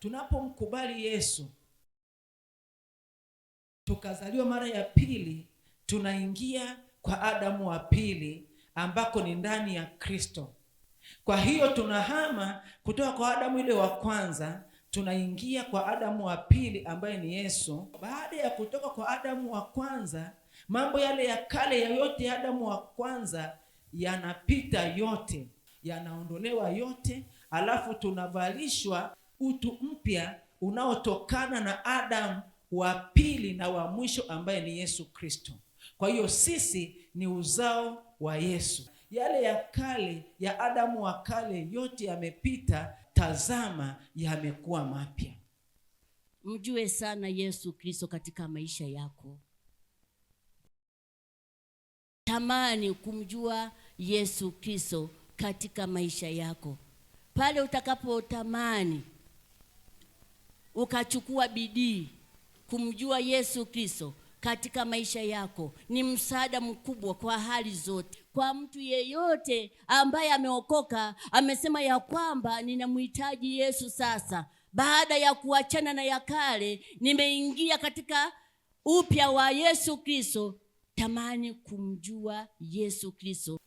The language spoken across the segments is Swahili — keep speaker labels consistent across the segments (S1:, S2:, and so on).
S1: tunapomkubali Yesu tukazaliwa mara ya pili, tunaingia kwa Adamu wa pili ambako ni ndani ya Kristo. Kwa hiyo tunahama kutoka kwa Adamu ile wa kwanza tunaingia kwa Adamu wa pili ambaye ni Yesu. Baada ya kutoka kwa Adamu wa kwanza, mambo yale ya kale ya yote ya Adamu wa kwanza yanapita yote, yanaondolewa yote, alafu tunavalishwa utu mpya unaotokana na Adamu wa pili na wa mwisho ambaye ni Yesu Kristo. Kwa hiyo sisi ni uzao wa Yesu. Yale ya kale ya Adamu wa kale yote yamepita, tazama, yamekuwa mapya.
S2: Mjue sana Yesu Kristo katika maisha yako. Tamani kumjua Yesu Kristo katika maisha yako. Pale utakapotamani ukachukua bidii kumjua Yesu Kristo katika maisha yako ni msaada mkubwa kwa hali zote. Kwa mtu yeyote ambaye ameokoka, amesema ya kwamba ninamhitaji Yesu sasa, baada ya kuachana na ya kale, nimeingia katika upya wa Yesu Kristo, tamani kumjua Yesu Kristo.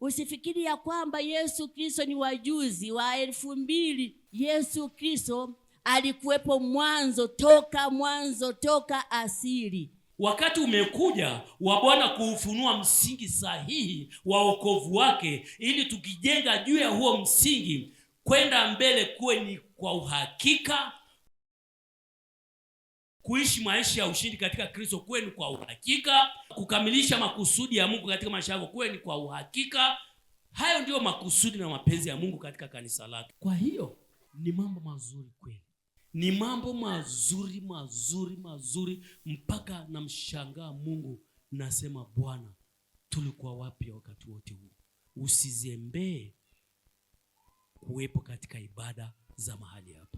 S2: Usifikiri ya kwamba Yesu Kristo ni wajuzi wa elfu mbili. Yesu Kristo alikuwepo mwanzo, toka mwanzo, toka asili.
S3: Wakati umekuja wa Bwana kuufunua msingi sahihi wa wokovu wake, ili tukijenga juu ya huo msingi kwenda mbele kuwe ni kwa uhakika, kuishi maisha ya ushindi katika Kristo kuwe ni kwa uhakika, kukamilisha makusudi ya Mungu katika maisha yako kuwe ni kwa uhakika. Hayo ndiyo makusudi na mapenzi ya Mungu katika kanisa lake. Kwa hiyo ni mambo mazuri kweli ni mambo mazuri mazuri mazuri, mpaka namshangaa Mungu, nasema Bwana, tulikuwa wapi wakati wote huu? Usizembee kuwepo katika ibada za mahali hapa.